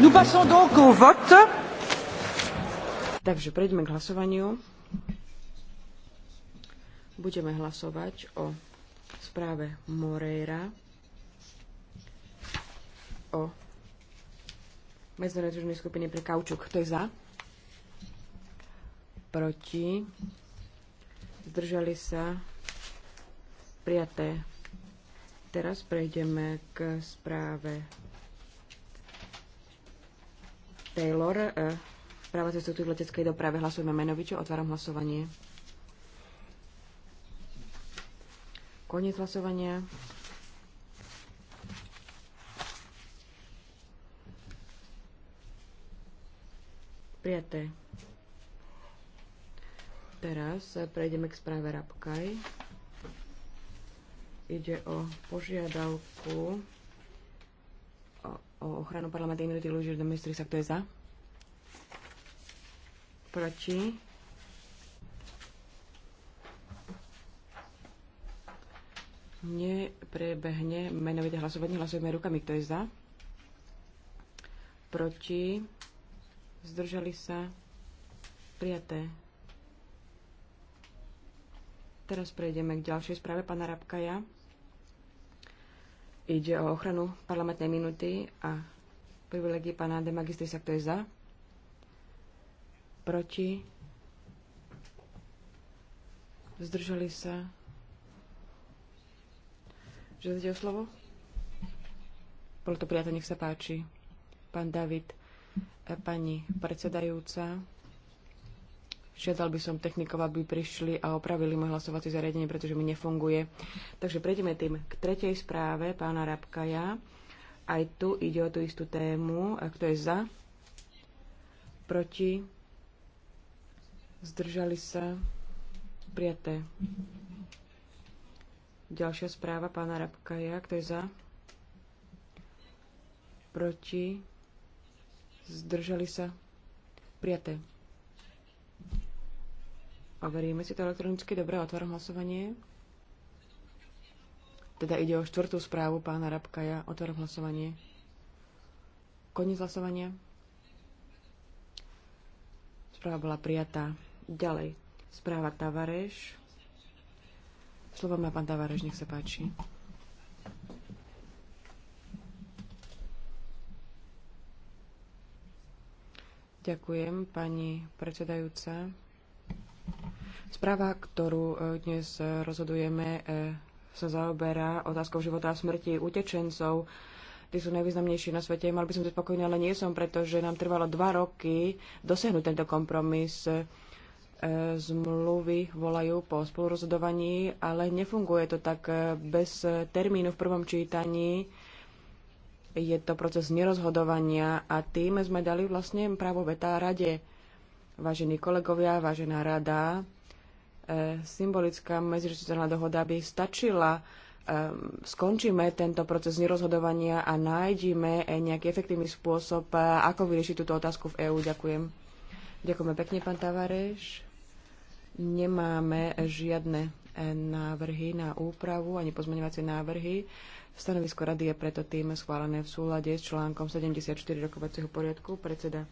Nous passons donc au vote. Takže prejdeme k hlasovaniu. Budeme hlasovať o správe Moreira o medzinárodnej skupiny pre kaučuk. Kto je za? Proti? Zdržali sa? Prijaté. Teraz prejdeme k správe Taylor, eh, práva cestu v leteckej doprave. Hlasujeme menovičo. Otváram hlasovanie. Koniec hlasovania. Prijaté. Teraz prejdeme k správe Rabkaj. Ide o požiadavku o ochranu parlamentnej imunity ľudí do ministri sa kto je za? Proti? Neprebehne menovite hlasovanie. Hlasujeme rukami. Kto je za? Proti? Zdržali sa? Prijaté. Teraz prejdeme k ďalšej správe pána Rabkaja. Ide o ochranu parlamentnej minuty a privilegii pána de magistrisa, kto je za. Proti. Zdržali sa. Žiadate o slovo? Bolo to prijaté, nech sa páči. Pán David, e, pani predsedajúca. Žiadal by som technikov, aby prišli a opravili moje hlasovací zariadenie, pretože mi nefunguje. Takže prejdeme tým k tretej správe pána Rabkaja. Aj tu ide o tú istú tému. A kto je za? Proti? Zdržali sa? Prijaté. Ďalšia správa pána Rabkaja. Kto je za? Proti? Zdržali sa? Prijaté. Overíme si to elektronicky. Dobre, otváram hlasovanie. Teda ide o štvrtú správu pána Rabkaja. Otváram hlasovanie. Koniec hlasovania. Správa bola prijatá. Ďalej. Správa Tavareš. Slovo má pán Tavareš, nech sa páči. Ďakujem, pani predsedajúca. Správa, ktorú e, dnes e, rozhodujeme, e, sa zaoberá otázkou života a smrti utečencov. Tí sú najvýznamnejší na svete. Mal by som byť spokojný, ale nie som, pretože nám trvalo dva roky dosiahnuť tento kompromis. Zmluvy volajú po spolurozhodovaní, ale nefunguje to tak bez termínu v prvom čítaní. Je to proces nerozhodovania a tým sme dali vlastne právo veta rade. Vážení kolegovia, vážená rada, E, symbolická medzireštiteľná dohoda by stačila. E, skončíme tento proces nerozhodovania a nájdime nejaký efektívny spôsob, e, ako vyriešiť túto otázku v EÚ. Ďakujem. Ďakujeme pekne, pán Tavareš. Nemáme žiadne návrhy na úpravu ani pozmeňovacie návrhy. Stanovisko rady je preto tým schválené v súlade s článkom 74 rokovacieho poriadku. Predseda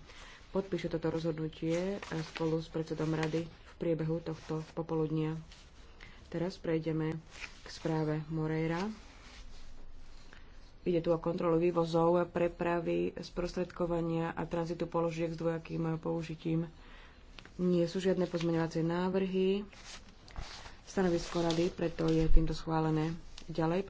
podpíše toto rozhodnutie spolu s predsedom rady v priebehu tohto popoludnia. Teraz prejdeme k správe Moreira. Ide tu o kontrolu vývozov, prepravy, sprostredkovania a tranzitu položiek s dvojakým použitím. Nie sú žiadne pozmeňovacie návrhy. Stanovisko rady preto je týmto schválené. Ďalej